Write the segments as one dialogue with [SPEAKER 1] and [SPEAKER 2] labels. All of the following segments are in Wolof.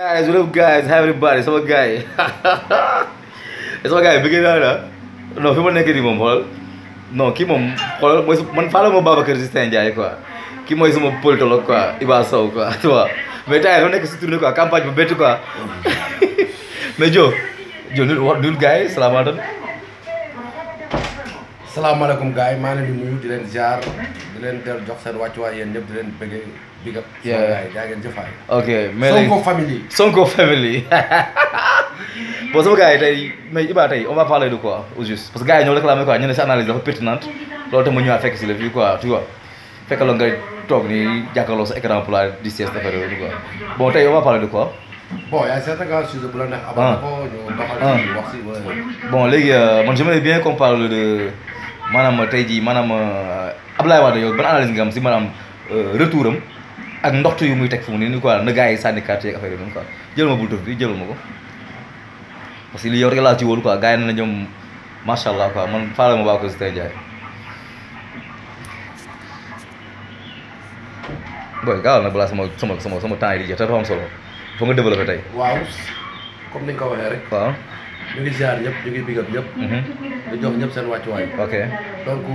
[SPEAKER 1] Guys, what up guys? Hi everybody, sama gars yi sama gars yi bëggee naa la non fi ma nekk nii moom xoolal non kii moom xoolal mooy man faa la ma Babacar Justin Ndiaye quoi kii mooy sama politologue quoi Iba Sow quoi tu vois mais temps yii dafa nekk si tournée quoi campagne bu bett quoi mais Jo Jo nul wax nul gars yi salaamaaleykum
[SPEAKER 2] Assalamualaikum gars yi maa di nuyu di leen jaar di leen del jox seen wàccuwaay yéen ñëpp di leen bëggee big up sama gars ngeen jëfaay
[SPEAKER 1] ok mais Sonko family Sonko family bon sama gars yi tey mais Iba tey on va parler de quoi au juste parce que gars yi ñoo réclamé quoi ñu ne sa analyse dafa pertinente loolu tam ma ñëwaat fekk si la fii quoi tu vois fekk la nga toog nii jàkkaarloo sa écran plat di sieste affaire yooyu quoi bon tey on va parler de quoi
[SPEAKER 2] Bon, il y a certains grands sujets pour l'année. Avant, on va parler de Bon,
[SPEAKER 1] les gars, moi j'aimerais bien qu'on parle de. maanaam tey jii maanaam euh, Abdoulaye Wade yow ban analyse nga am si maanaam euh, retour am ak ndoxtu yu muy teg fu mu ne nii quoi na gars yi sànni carte yeeg affaire yi noonu quoi jël ma bultof bi jëlal ma ko parce que li yow rek laa ci wóolu quoi gars yi na ñoom macha allah quoi man faala ma baa ko si jaay booy gaawal nag balaa sama sama sama sama temps yi di jeex te dafa am solo fa nga développé tey.
[SPEAKER 2] waaw comme ni nga ko waxee rek. waaw. ñu ngi ziar ñëpp ñu ngi bigab ñëpp mm-hmm. di jox ñëpp seen wàccuwaay ok donc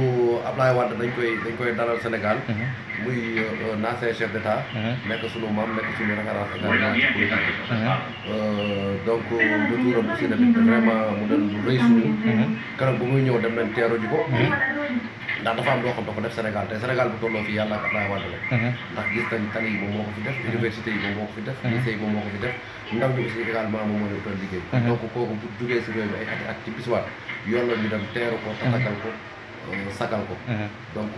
[SPEAKER 2] Ablaye Wade dañ koy dañ koy dalal Sénégal mm-hmm. muy euh, ancien chef d'état mm-hmm. nekk sunu maam nekk sunu référence également ci politique euh, donc retouram aussi tamit vraiment mu doon lu rëy sunu kanam bu muy ñëw dem leen teeru ji ko ndax dafa am loo xam da ko def Sénégal te Sénégal bu tolloo fii yàlla ak Abdoulaye Wade la mhm. ndax gis nañ tali yi moom moo ko fi def mhm. université yi moom moo ko fi def mhm. moo ko fi def ndaw ñu aussi également moom moo doon liggéey donc kooku jugee si réew mi ay ati at ci bisuwaat yoon la ñu dem teeru ko tatagal ko Euh, sagal ko mhm. donc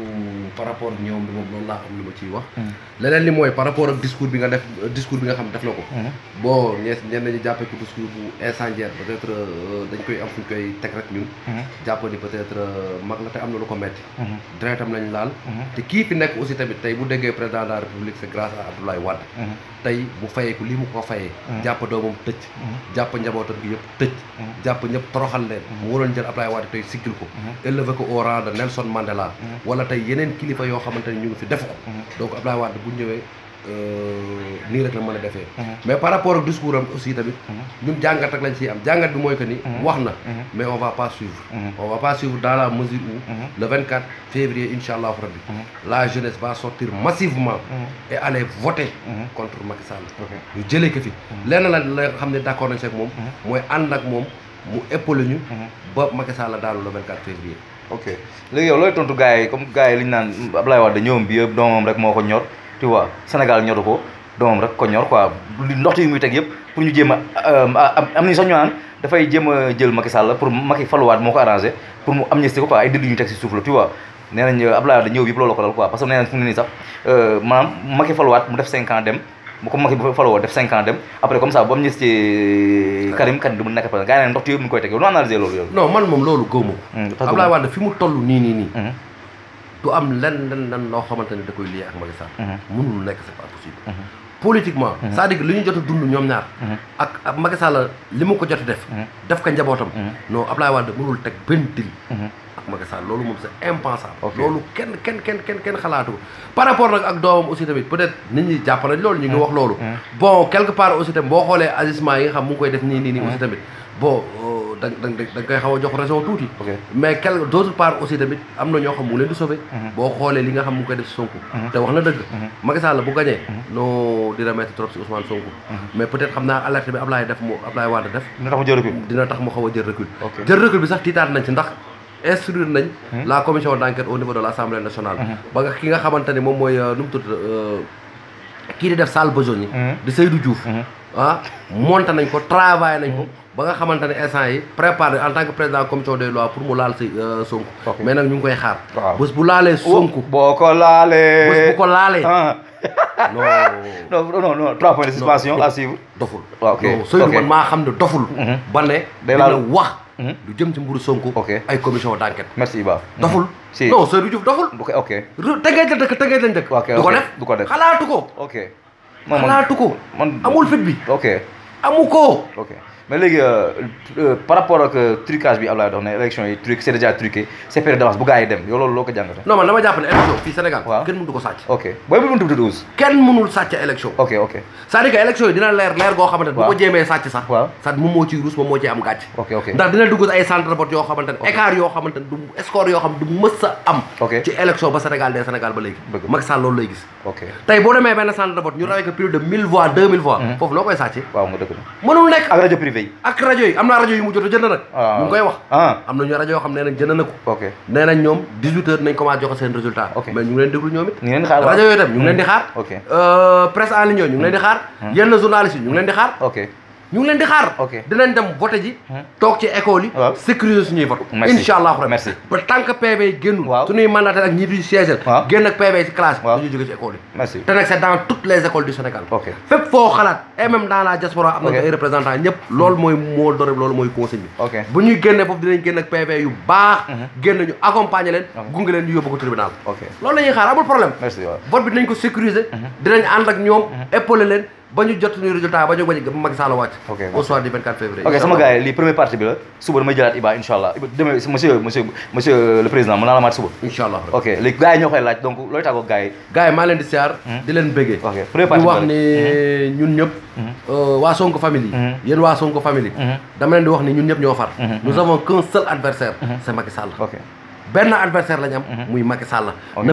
[SPEAKER 2] par rapport ak ñoom moom loolu laa xam lu ma ciy wax mhm. leneen li mooy par rapport ak discours bi nga def euh, discours bi nga xam def na ko mhm. bon ñees ñenn nañu jàppee ko discours bu incendiaire peut être euh, dañ koy am fuñ koy teg rek ñun jàpp ni peut être mag la te am na lu ko metti deretam lañ laal te kii fi nekk aussi tamit tey bu déggee président de la république c'est grâce à Abdoulaye Wade tey bu fayee ko lii mu ko fayee jàpp doomam tëj jàpp yëpp tëj jàpp ñëpp toroxal leen mu waroon jël Abdoulaye ko temps de Nelson Mandela. wala tey yeneen kilifa yoo xamante ni ñu ngi fi def ko. donc Abdoulaye Wade bu ñëwee euh, nii rek la mën a defee. mais par rapport ak discours am aussi tamit. ñun jàngat rek lañ ciy am jàngat bi mooy que ni. wax na mais on va pas suivre. on va pas suivre dans la mesure où. le 24 février incha rabbi. la jeunesse va sortir massivement. et aller voter. contre Macky Sall. ñu jëlee ko fi. lenn la la xam ne d' nañ ci ak moom. mooy ok
[SPEAKER 1] léegi yow looy tontu gars yi comme gars yi li ñu naan Ablaye Wade ñoom bi yëpp doomam rek moo ko ñor tu vois Sénégal ñoru ko doomam rek ko ñor quoi ndoxtu yu muy teg yëpp pour ñu jéem a euh, am nañu sax ñu naan dafay jéem a jël Macky Sall pour Macky faluwaat moo ko arrangé pour mu amnistie ko quoi ay dëdd yu ñu teg si suuf la tu vois nee nañ Ablaye Wade ñëw yëpp loolu ko dal quoi parce que nee nañ fu mu ne nii sax euh, maanaam Macky faluwaat mu def cinq ans dem mu comme Macky bu faloo def 5 ans dem après comme ça ba mu gis ci Karim Karim du mu nekk président gars yi ne ndox ti yëpp koy teg yow noo analysé loolu yow
[SPEAKER 2] non man moom loolu gëwma hmm, Abdoulaye Wade fi mu toll nii nii nii hmm. am lenn lenn loo xamante ne da koy lié ak Macky Sall hmm. mënul nekk c'est pas possible politiquement mhm. c'est-à-dire li ñu jot a dund ñoom ñaar mhm. ak ak Macky Sall li mu ko jot a def mhm. def ko njabootam non Abdoulaye Wade mënul teg benn dil ak Macky loolu moom c'est impensable loolu kenn kenn kenn kenn xalaatu ko par rapport nag ak doomam aussi tamit peut-être nit ñi jàpp loolu ñu ngi wax loolu bon quelque part aussi tamit boo xoolee agissement yi nga xam mu koy def nii nii aussi tamit euh, da da nga a jox raison tuuti. mais quelque d' autre part aussi tamit am na ñoo xam mu leen di sauver. Mhm. boo xoolee li nga xam mu koy def si mhm. te wax na dëgg. Mhm. Macky Sall bu gagné. non dina metti si Ousmane Sonko. mais peut être xam naa alerte bi Ablaye def mu Ablaye Wade def. dina tax mu jël recul dina tax mu a jël recul. jël recul bi sax tiitaat nañ ci ndax. instruire nañ la commission d' enquête au niveau de l' assemblée nationale ba ki nga xamante ni moom mooy euh, nu mu euh, kii di def salle besogne yi di Seydou Diouf ah monté nañ nañ ko ba nga xamante ne instant yi préparé en tant que président commission des lois pour mu laal si euh, Sonko mais nag ñu koy xaar bés bu laalee oh, Sonko boo ko laalee bés bu ko laalee ah. non non non trois points de suspension à suivre doful waaw ah, sooy man maa xam ne doful mhm. ba ne dina wax mhm. lu jëm ci mburu Sonko ay commission d'enquête merci Iba mhm. doful non Seydou Diouf doful ok dëkk tëngeej du ko def du ko def xalaatu ko ok xalaatu amul fit bi ok amu
[SPEAKER 1] mais léegi euh, euh, par rapport ak euh, trucage bi Ablaye dox ne yi truc c' est déjà truqué c' est période d' avance dem yow loolu loo ko jàngatee.
[SPEAKER 2] non man dama jàpp ne élection fii kenn mënut ko sàcc. ok booy bu mënut a dugg kenn mënul sàcc élection. ok ok c' dina leer goo xamante ne. bu ko jéemee sàcc sax. waaw sax moom moo ciy ruus moom moo ciy am gàcc. ok ok ndax dina yoo xamante ne. écart yoo xamante ne du yoo xam ne mhm. foofu loo koy sàcc. waaw nga veille. ak rajo yi am naa rajo yu mu jot a jënd nag. waaw ah. mu wax. Ah. am na ñu rajo yoo xam ne ok nee ñoom 18 nañ commencé joxe seen résultat. ok mais leen di xaar rajo yooyu tam ñu leen di xaar. ok presse yooyu ñu leen di xaar. yenn journalistes yi ñu leen di xaar. ñu leen di xaar. ok dinañ dem voté ji. Hmm. toog ci école yi. waaw sécuriser suñuy vote. merci incha ba tant que PV yi génnul. waaw suñuy mandataire ak ñi duñu siège. waaw génn ak PV yi ci classe. waaw dañuy ci école yi. merci te les écoles du Sénégal. ok foo xalaat et même dans la diaspora am nañu ay représentants ñëpp. loolu mooy moo doon loolu mooy conseil bi. ok bu ñuy génnee foofu dinañ génn ak yu baax. Hmm. génn ñu accompagner leen. gunge leen ñu yóbbu ko tribunal. ok loolu la ñuy xaar amul problème. ko sécuriser. Hmm. dinañ ànd ba ñu jot suñu résultat ba Oke Oke gëm Macky Sall wàcc au soir du 24 février ok sama
[SPEAKER 1] gars yi lii partie bi la suba damay jëlaat Iba incha allah demee monsieur monsieur monsieur euh, le président Oke naa la maat suba incha allah ok léegi gars yi ñoo koy laaj donc looy tàggoo
[SPEAKER 2] gars gars yi leen di siyaar hmm. di leen bëggee ok première partie wax ni hmm. ñun ñëpp hmm. euh, waa Sonko family, yi yéen waa Sonko famille dama leen di wax ni ñun ñëpp ñoo far nous avons qu'un seul adversaire c'est Macky Sall ok benn adversaire lañ am muy Macky Sall